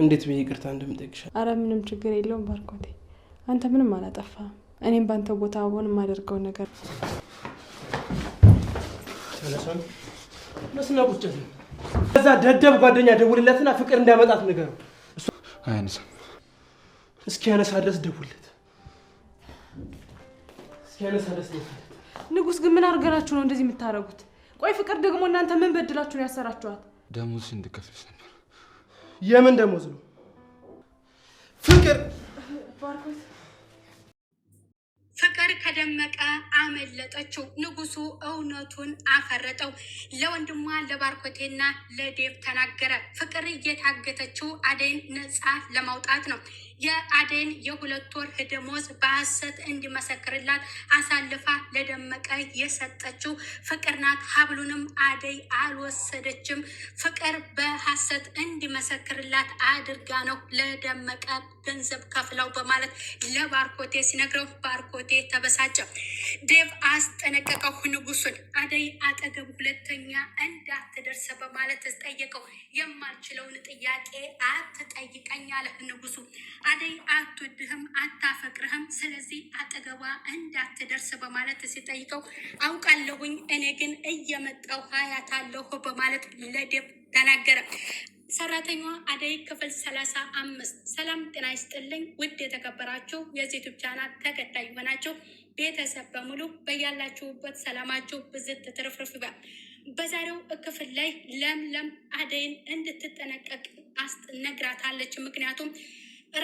እንዴት ብዬ ይቅርታ እንደምጠይቅሻል። አረ ምንም ችግር የለውም ባርኮቴ፣ አንተ ምንም አላጠፋህም። እኔም በአንተ ቦታ ሆን የማደርገው ነገር መስና ቁጭት ከዛ ደደብ ጓደኛ ደውልለትና ፍቅር እንዳመጣት ነገር አያነሳ እስኪ ያነሳ ድረስ ደውልለት። ንጉስ፣ ግን ምን አድርገናችሁ ነው እንደዚህ የምታደርጉት? ቆይ ፍቅር ደግሞ እናንተ ምን በድላችሁ ነው ያሰራችኋት? ደሞዝሽ እንድከፍልሽ ነበር የምን ደሞዝ ነው? ፍቅር ፍቅር ከደመቀ አመለጠችው። ንጉሱ እውነቱን አፈረጠው። ለወንድሟ ለባርኮቴና ለዴቭ ተናገረ። ፍቅር እየታገተችው አደይን ነፃ ለማውጣት ነው። የአደይን የሁለት ወር ደሞዝ በሀሰት እንዲመሰክርላት አሳልፋ ለደመቀ የሰጠችው ፍቅር ናት። ሀብሉንም አደይ አልወሰደችም። ፍቅር በሀሰት እንዲመሰክርላት አድርጋ ነው ለደመቀ ገንዘብ ከፍለው በማለት ለባርኮቴ ሲነግረው ባርኮቴ ተበሳጨ። ዴቭ አስጠነቀቀው ንጉሱን አደይ አጠገብ ሁለተኛ እንዳትደርስ በማለት ጠየቀው። የማልችለውን ጥያቄ አትጠይቀኝ አለ ንጉሱ። አደይ አትወድህም፣ አታፈቅርህም፣ ስለዚህ አጠገቧ እንዳትደርስ በማለት ሲጠይቀው አውቃለሁኝ እኔ ግን እየመጣው አያታለሁ በማለት ለዴብ ተናገረ። ሰራተኛዋ አደይ ክፍል ሰላሳ አምስት ሰላም ጤና ይስጥልኝ። ውድ የተከበራችሁ የዩቱብ ቻናል ተከታይ የሆናችሁ ቤተሰብ በሙሉ በያላችሁበት ሰላማችሁ ብዝት ትርፍርፍ ይበል። በዛሬው ክፍል ላይ ለምለም አደይን እንድትጠነቀቅ አስነግራታለች። ምክንያቱም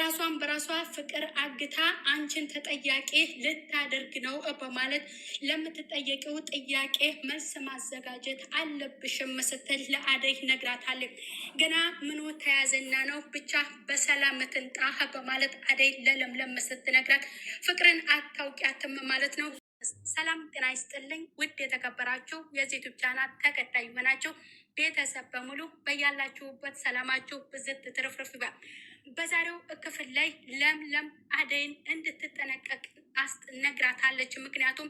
ራሷን በራሷ ፍቅር አግታ አንቺን ተጠያቂ ልታደርግ ነው በማለት ለምትጠየቀው ጥያቄ መልስ ማዘጋጀት አለብሽም ስትል ለአደይ ነግራታለች። ገና ምኑ ተያዘና ነው ብቻ በሰላም ትንጣ በማለት አደይ ለለምለም ስትነግራት ፍቅርን አታውቂያትም ማለት ነው። ሰላም ጤና ይስጥልኝ ውድ የተከበራችሁ የዚህ ዩቲዩብ ቻናል ተከታይ ይሆናችሁ ቤተሰብ በሙሉ በያላችሁበት ሰላማችሁ ብዝት ትርፍርፍ ይበል። በዛሬው ክፍል ላይ ለምለም አደይን እንድትጠነቀቅ አስነግራታለች። ምክንያቱም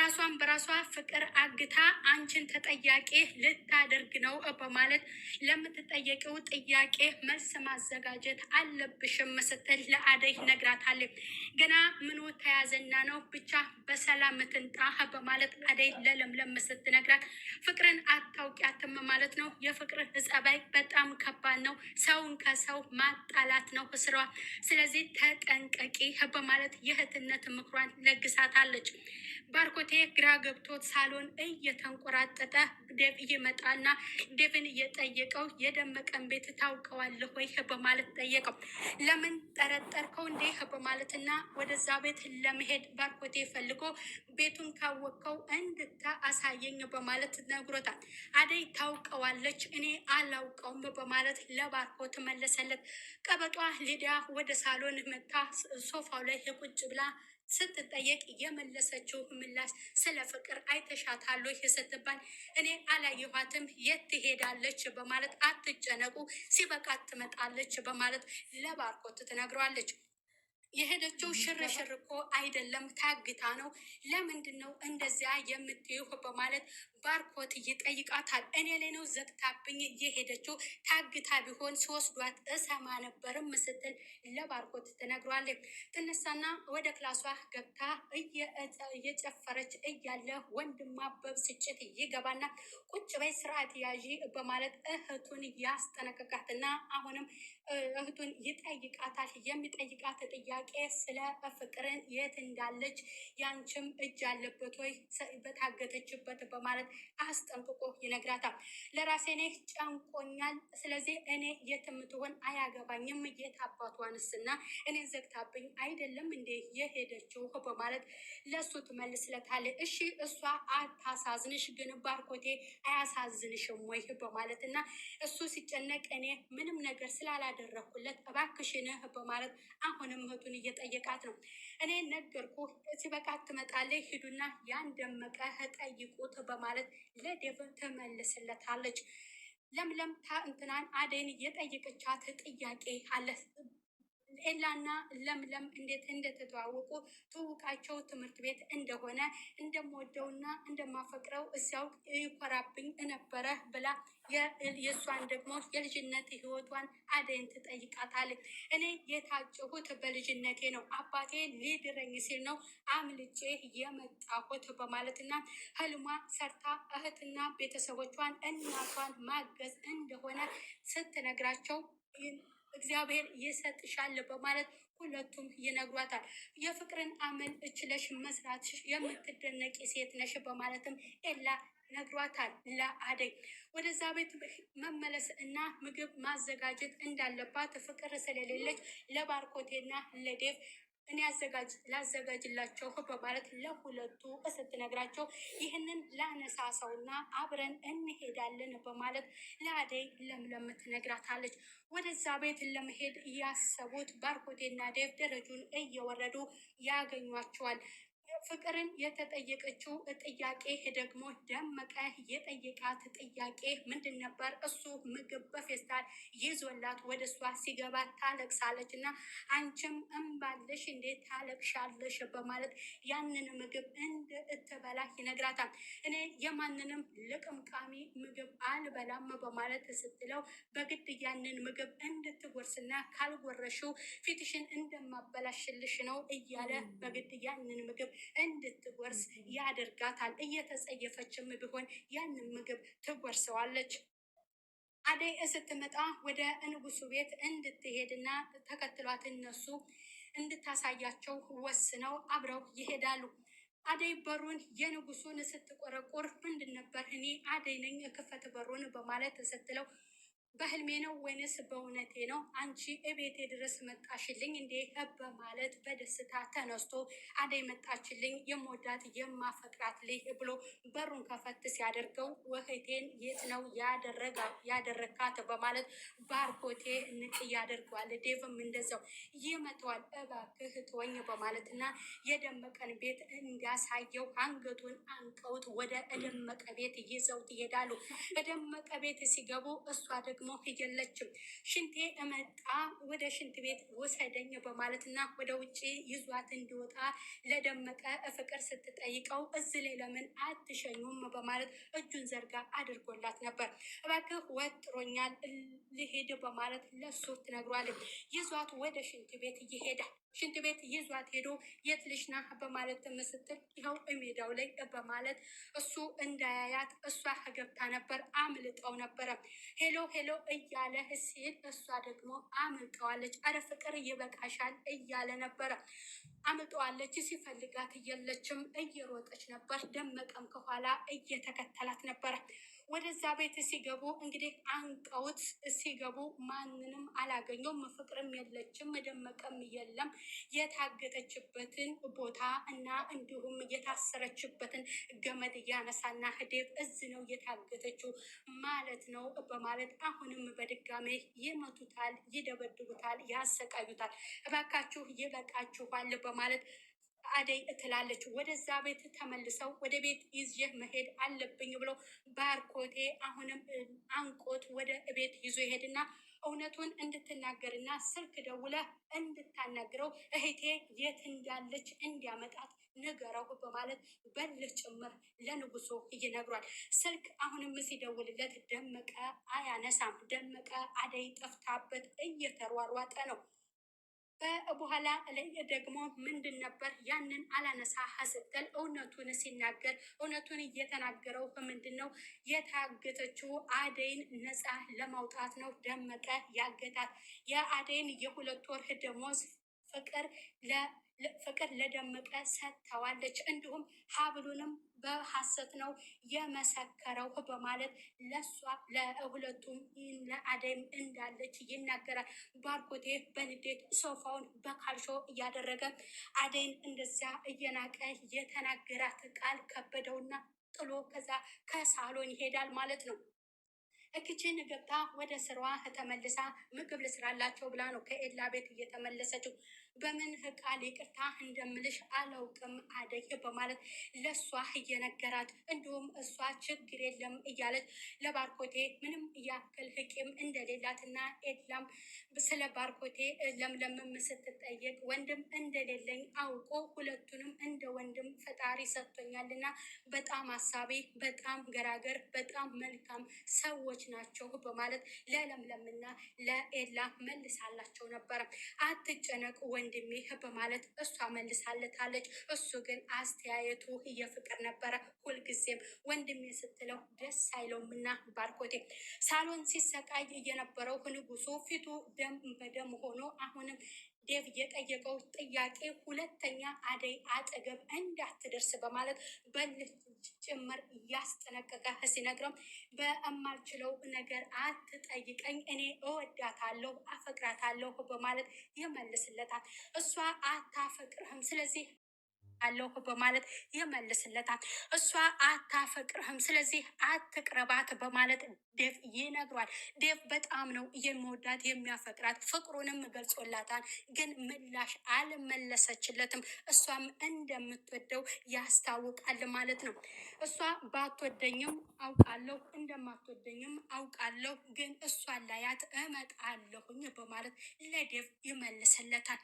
ራሷን በራሷ ፍቅር አግታ አንቺን ተጠያቂ ልታደርግ ነው በማለት ለምትጠየቂው ጥያቄ መልስ ማዘጋጀት አለብሽም ስትል ለአደይ ነግራታለች። ገና ምኑ ተያዘና ነው ብቻ በሰላም ትንጣ በማለት አደይ ለለምለም ስትነግራት ፍቅርን አታውቂያትም ማለት ነው። የፍቅር ጸባይ በጣም ከባድ ነው። ሰውን ከሰው ማጣላት ነው ስሯ። ስለዚህ ተጠንቀቂ በማለት የእህትነት ምክሯን ለግሳታለች። ባርኮቴ ግራ ገብቶት ሳሎን እየተንቆራጠጠ ደብ እየመጣና ደብን እየጠየቀው የደመቀን ቤት ታውቀዋለህ ወይ በማለት ጠየቀው። ለምን ጠረጠርከው እንዴ በማለትና ወደዛ ቤት ለመሄድ ባርኮቴ ፈልጎ ቤቱን ካወቅከው እንድታ አሳየኝ በማለት ነግሮታል። አደይ ታውቀዋለች እኔ አላውቀውም በማለት ለባርኮት መለሰለት። ቀበጧ ሊዲያ ወደ ሳሎን መታ ሶፋው ላይ ቁጭ ብላ ስትጠየቅ የመለሰችው ምላሽ ስለ ፍቅር አይተሻታል ስትባል እኔ አላየኋትም የት ትሄዳለች በማለት አትጨነቁ፣ ሲበቃት ትመጣለች በማለት ለባርኮት ትነግረዋለች። የሄደችው ሽርሽር እኮ አይደለም፣ ታግታ ነው። ለምንድን ነው እንደዚያ የምትይሁ? በማለት ባርኮት ይጠይቃታል። እኔ ላይ ነው ዘግታብኝ የሄደችው፣ ታግታ ቢሆን ሲወስዷት እሰማ ነበርም ስትል ለባርኮት ትነግሯለች። ትነሳና ወደ ክላሷ ገብታ እየጨፈረች እያለ ወንድሟ በብስጭት ይገባና ቁጭ በይ ስርዓት ያዢ በማለት እህቱን ያስጠነቀቃትና አሁንም እህቱን ይጠይቃታል። የሚጠይቃት ጥያቄ ስለ ፍቅርን የት እንዳለች ያንችም እጅ አለበት ወይ በታገተችበት በማለት አስጠንቅቆ ይነግራታል። ለራሴ እኔ ጨንቆኛል። ስለዚህ እኔ የትምትሆን አያገባኝም። የት አባቷንስና እኔን ዘግታብኝ አይደለም እንዴ የሄደችው በማለት ለሱ ትመልስለታል። እሺ እሷ አታሳዝንሽ፣ ግን ባርኮቴ አያሳዝንሽም ወይ በማለት እና እሱ ሲጨነቅ እኔ ምንም ነገር ስላላ አደረግኩለት እባክሽንህ በማለት አሁንም እህቱን እየጠየቃት ነው። እኔ ነገርኩ ሲበቃ ትመጣለች፣ ሂዱና ያን ደመቀ ጠይቁት በማለት ለዴቭ ትመልስለታለች። ለምለም ታ እንትናን አደይን እየጠየቀቻት ጥያቄ አለ ኤላና ለምለም እንዴት እንደተተዋወቁ ትውቃቸው ትምህርት ቤት እንደሆነ እንደምወደውና እንደማፈቅረው እዚያውቅ ይኮራብኝ ነበረ ብላ የእሷን ደግሞ የልጅነት ህይወቷን አደይን ትጠይቃታል። እኔ የታጨሁት በልጅነቴ ነው፣ አባቴ ሊድረኝ ሲል ነው አምልጬ የመጣሁት በማለትና ህልሟ ሰርታ እህትና ቤተሰቦቿን እናቷን ማገዝ እንደሆነ ስትነግራቸው እግዚአብሔር ይሰጥሻል በማለት ሁለቱም ይነግሯታል። የፍቅርን አመል እችለሽ መስራት የምትደነቂ ሴት ነሽ በማለትም ኤላ ነግሯታል። ለአደይ ወደዛ ቤት መመለስ እና ምግብ ማዘጋጀት እንዳለባት ፍቅር ስለሌለች ለባርኮቴና ለዴፍ እኔ አዘጋጅ ላዘጋጅላቸው በማለት ለሁለቱ ስትነግራቸው ይህንን ላነሳሳውና አብረን እንሄዳለን በማለት ለአደይ ለምለም ትነግራታለች። ወደዛ ቤት ለመሄድ ያሰቡት ባርኮቴና ዴቭ ደረጁን እየወረዱ ያገኟቸዋል። ፍቅርን የተጠየቀችው ጥያቄ ደግሞ ደመቀ የጠየቃት ጥያቄ ምንድን ነበር? እሱ ምግብ በፌስታል ይዞላት ወደ እሷ ሲገባ ታለቅሳለች እና አንቺም እምባለሽ እንዴት ታለቅሻለሽ? በማለት ያንን ምግብ እንድትበላ ይነግራታል። እኔ የማንንም ልቅምቃሚ ምግብ አልበላም በማለት ስትለው በግድ ያንን ምግብ እንድትጎርስና ካልጎረሽው ፊትሽን እንደማበላሽልሽ ነው እያለ በግድ ያንን ምግብ እንድትጎርስ ያደርጋታል። እየተጸየፈችም ቢሆን ያንን ምግብ ትጎርሰዋለች። አደይ ስትመጣ ወደ ንጉሱ ቤት እንድትሄድና ተከትሏት እነሱ እንድታሳያቸው ወስነው አብረው ይሄዳሉ። አደይ በሩን የንጉሱን ስትቆረቁር ምንድን ነበር እኔ አደይ ነኝ ክፈት በሩን በማለት ስትለው በህልሜ ነው ወይንስ በእውነቴ ነው? አንቺ እቤቴ ድረስ መጣሽልኝ እንዴ? በማለት በደስታ ተነስቶ አደይ መጣችልኝ፣ የምወዳት የማፈቅራት ልይ ብሎ በሩን ከፈት ሲያደርገው ውህቴን የት ነው ያደረካት? በማለት ባርኮቴ ንቅ ያደርገዋል። ዴቭም እንደዛው ይመተዋል። እባክህ ተወኝ በማለት እና የደመቀን ቤት እንዲያሳየው አንገቱን አንቀውት ወደ ደመቀ ቤት ይዘውት ይሄዳሉ። በደመቀ ቤት ሲገቡ እሷ ደግሞ ሞክ የለችም። ሽንቴ እመጣ ወደ ሽንት ቤት ውሰደኝ በማለትና ወደ ውጭ ይዟት እንዲወጣ ለደመቀ ፍቅር ስትጠይቀው እዚህ ላይ ለምን አትሸኙም በማለት እጁን ዘርጋ አድርጎላት ነበር። እባክህ ወጥሮኛል ልሄድ በማለት ለሱ ትነግሯል። ይዟት ወደ ሽንት ቤት ይሄዳል። ሽንት ቤት ይዟት ሄዶ የት ልሽና በማለት ምስትል ይኸው እሜዳው ላይ በማለት እሱ እንዳያያት እሷ ገብታ ነበር። አምልጠው ነበረ። ሄሎ ሄሎ እያለ ሲል እሷ ደግሞ አምልጠዋለች። አረ ፍቅር ይበቃሻል እያለ ነበረ። አምልጠዋለች። ሲፈልጋት የለችም። እየሮጠች ነበር። ደመቀም ከኋላ እየተከተላት ነበረ። ወደዛ ቤት ሲገቡ እንግዲህ አንቀውት ሲገቡ ማንንም አላገኘው ፍቅርም የለችም፣ መደመቀም የለም። የታገተችበትን ቦታ እና እንዲሁም የታሰረችበትን ገመድ እያነሳና ህዴብ እዚ ነው የታገተችው ማለት ነው በማለት አሁንም በድጋሜ ይመቱታል፣ ይደበድቡታል፣ ያሰቃዩታል። እባካችሁ ይበቃችኋል በማለት አደይ እትላለች። ወደዛ ቤት ተመልሰው ወደ ቤት ይዤ መሄድ አለብኝ ብሎ ባርኮቴ አሁንም አንቆት ወደ ቤት ይዞ ይሄድና እውነቱን እንድትናገርና ስልክ ደውለ እንድታናግረው እህቴ የት እንዳለች እንዲያመጣት ንገረው በማለት በልህ ጭምር ለንጉሶ ይነግሯል። ስልክ አሁንም ሲደውልለት ደመቀ አያነሳም። ደመቀ አደይ ጠፍታበት እየተሯሯጠ ነው። በበኋላ ላይ ደግሞ ምንድን ነበር ያንን አላነሳ ስትል እውነቱን ሲናገር እውነቱን እየተናገረው በምንድን ነው የታገተችው አደይን ነፃ ለማውጣት ነው ደመቀ ያገታት የአደይን የሁለት ወርህ ደሞዝ ፍቅር ፍቅር ለደመቀ ሰጥተዋለች። እንዲሁም ሀብሉንም በሀሰት ነው የመሰከረው በማለት ለእሷ ለሁለቱም ለአደይም እንዳለች ይናገራል። ባርኮቴ በንዴት ሶፋውን በካልሾ እያደረገ አደይን እንደዚያ እየናቀ የተናገራት ቃል ከበደውና ጥሎ ከዛ ከሳሎን ይሄዳል ማለት ነው። እክችን ገብታ ወደ ስራዋ ተመልሳ ምግብ ልስራላቸው ብላ ነው ከኤላ ቤት እየተመለሰችው በምን ቃል ይቅርታ እንደምልሽ አላውቅም አደይ በማለት ለእሷ እየነገራት እንዲሁም እሷ ችግር የለም እያለች ለባርኮቴ ምንም ያክል ህቂም እንደሌላትና ኤድላም ስለ ባርኮቴ ለምለምም ስትጠየቅ ወንድም እንደሌለኝ አውቆ ሁለቱንም እንደ ወንድም ፈጣሪ ሰጥቶኛልና በጣም አሳቢ፣ በጣም ገራገር፣ በጣም መልካም ሰዎች ናቸው በማለት ለለምለምና ለኤላ መልሳላቸው ነበረ። አትጨነቅ ወ ወንድሜ በማለት እሷ መልሳለታለች። እሱ ግን አስተያየቱ እየፍቅር ነበረ። ሁልጊዜም ወንድሜ ስትለው ደስ አይለውምና ባርኮቴ ሳሎን ሲሰቃይ እየነበረው ንጉሱ ፊቱ ደም በደም ሆኖ አሁንም ዴቭ የጠየቀው ጥያቄ ሁለተኛ አደይ አጠገብ እንዳትደርስ በማለት በልህ ጭምር እያስጠነቀቀ ሲነግረው በማልችለው ነገር አትጠይቀኝ፣ እኔ እወዳታለሁ፣ አፈቅራታለሁ በማለት ይመልስለታል። እሷ አታፈቅርህም፣ ስለዚህ አለሁ በማለት ይመልስለታል። እሷ አታፈቅርህም፣ ስለዚህ አትቅረባት በማለት ዴቭ ይነግሯል። ዴቭ በጣም ነው የሚወዳት የሚያፈቅራት፣ ፍቅሩንም ገልጾላታል። ግን ምላሽ አልመለሰችለትም። እሷም እንደምትወደው ያስታውቃል ማለት ነው። እሷ ባትወደኝም አውቃለሁ እንደማትወደኝም አውቃለሁ፣ ግን እሷን ላያት እመጣለሁኝ በማለት ለዴቭ ይመልስለታል።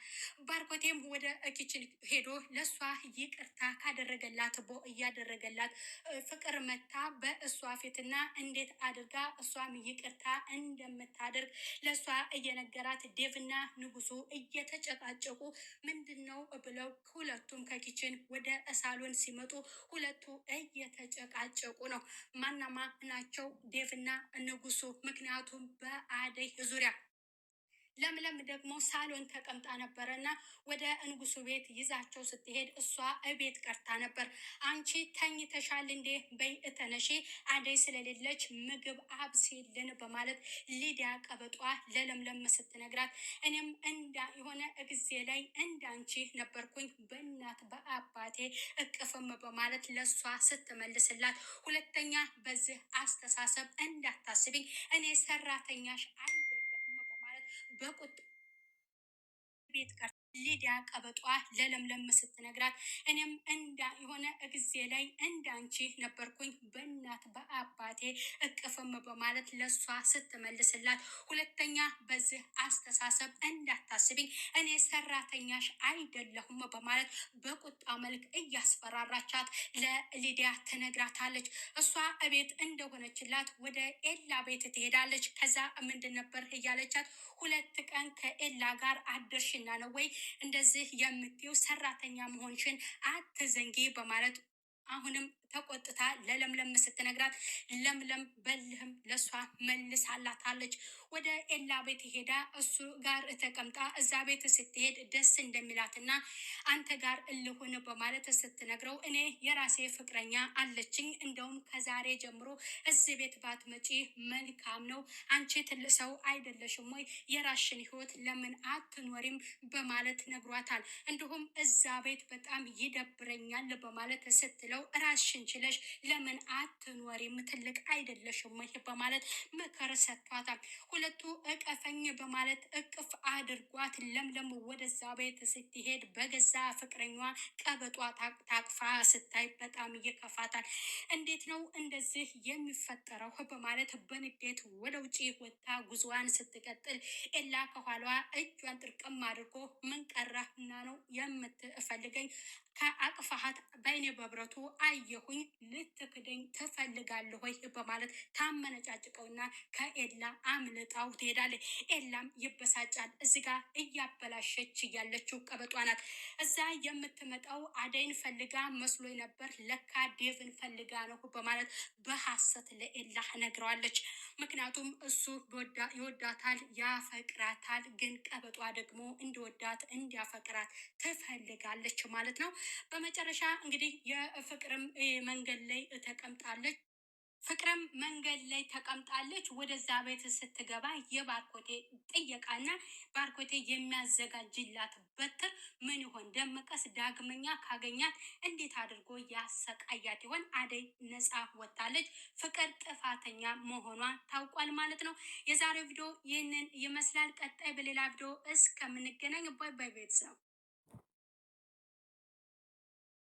ባርኮቴም ወደ ኪችን ሄዶ ለእሷ ይቅርታ ካደረገላት ቦ እያደረገላት ፍቅር መታ በእሷ ፊትና እንዴት አድርጋ እሷም ይቅርታ እንደምታደርግ ለእሷ እየነገራት ዴቭና ንጉሱ እየተጨቃጨቁ ምንድን ነው ብለው ሁለቱም ከኪችን ወደ ሳሎን ሲመጡ ሁለቱ እየተጨቃጨቁ ነው። ማናማ ናቸው ዴቭና ንጉሱ? ምክንያቱም በአደይ ዙሪያ ለምለም ደግሞ ሳሎን ተቀምጣ እና ወደ ንጉሱ ቤት ይዛቸው ስትሄድ እሷ እቤት ቀርታ ነበር። አንቺ ተኝተሻል እንዴ? በይ እተነሺ፣ አደይ ስለሌለች ምግብ አብሲልን በማለት ሊዲያ ቀበጧ ለለምለም ስትነግራት እኔም እንዳ የሆነ ጊዜ ላይ እንዳንቺ ነበርኩኝ በእናት በአባቴ እቅፍም በማለት ለእሷ ስትመልስላት፣ ሁለተኛ በዚህ አስተሳሰብ እንዳታስቢኝ እኔ ሰራተኛሽ አይ በቁጥ ቤት ሊዲያ ቀበጧ ለለምለም ስትነግራት እኔም እንዳ የሆነ ጊዜ ላይ እንዳንቺ ነበርኩኝ በእናት በአባቴ እቅፍም በማለት ለሷ ስትመልስላት፣ ሁለተኛ በዚህ አስተሳሰብ እንዳታስብኝ እኔ ሰራተኛሽ አይደለሁም በማለት በቁጣ መልክ እያስፈራራቻት ለሊዲያ ትነግራታለች። እሷ እቤት እንደሆነችላት ወደ ኤላ ቤት ትሄዳለች። ከዛ ምንድን ነበር እያለቻት ሁለት ቀን ከኤላ ጋር አደርሽና ነው ወይ እንደዚህ የምትዩ ሰራተኛ መሆንሽን አትዘንጌ በማለት አሁንም ተቆጥታ ለለምለም ስትነግራት ለምለም በልህም ለእሷ መልሳላታለች። ወደ ኤላ ቤት ሄዳ እሱ ጋር ተቀምጣ እዛ ቤት ስትሄድ ደስ እንደሚላትና አንተ ጋር እልሁን በማለት ስትነግረው እኔ የራሴ ፍቅረኛ አለችኝ፣ እንደውም ከዛሬ ጀምሮ እዚህ ቤት ባትመጪ መልካም ነው። አንቺ ትልቅ ሰው አይደለሽም ወይ? የራሽን ህይወት ለምን አትኖሪም? በማለት ነግሯታል። እንዲሁም እዛ ቤት በጣም ይደብረኛል በማለት ስትለው ራሽን ራስሽን ችለሽ ለምን አትኖሪም? ትልቅ አይደለሽም ወይ? በማለት ምክር ሰጥቷታል። ሁለቱ እቀፈኝ በማለት እቅፍ አድርጓት ለምለም ወደዛ ቤት ስትሄድ በገዛ ፍቅረኛ ቀበጧ ታቅፋ ስታይ በጣም ይከፋታል። እንዴት ነው እንደዚህ የሚፈጠረው? በማለት በንዴት ወደ ውጭ ወጥታ ጉዞዋን ስትቀጥል ኤላ ከኋሏ እጇን ጥርቅም አድርጎ ምን ቀረህና ነው የምትፈልገኝ? ከአቅፋሃት በይኔ በብረቱ አየሁኝ ልትክደኝ ትፈልጋለህ ወይ በማለት ታመነጫጭቀውና ከኤላ አምልጣው ትሄዳለች። ኤላም ይበሳጫል። እዚ ጋ እያበላሸች ያለችው ቀበጧ ናት። እዛ የምትመጣው አደይን ፈልጋ መስሎ ነበር፣ ለካ ዴቭን ፈልጋ ነው በማለት በሐሰት ለኤላ ነግረዋለች። ምክንያቱም እሱ ይወዳታል፣ ያፈቅራታል። ግን ቀበጧ ደግሞ እንዲወዳት እንዲያፈቅራት ትፈልጋለች ማለት ነው። በመጨረሻ እንግዲህ የፍቅርም መንገድ ላይ ተቀምጣለች። ፍቅርም መንገድ ላይ ተቀምጣለች። ወደዛ ቤት ስትገባ የባርኮቴ ጥየቃና ባርኮቴ የሚያዘጋጅላት በትር ምን ይሆን? ደመቀስ ዳግመኛ ካገኛት እንዴት አድርጎ ያሰቃያት ይሆን? አደይ ነፃ ወጣለች። ፍቅር ጥፋተኛ መሆኗ ታውቋል ማለት ነው። የዛሬው ቪዲዮ ይህንን ይመስላል። ቀጣይ በሌላ ቪዲዮ እስከምንገናኝ ባይ ባይ ቤተሰብ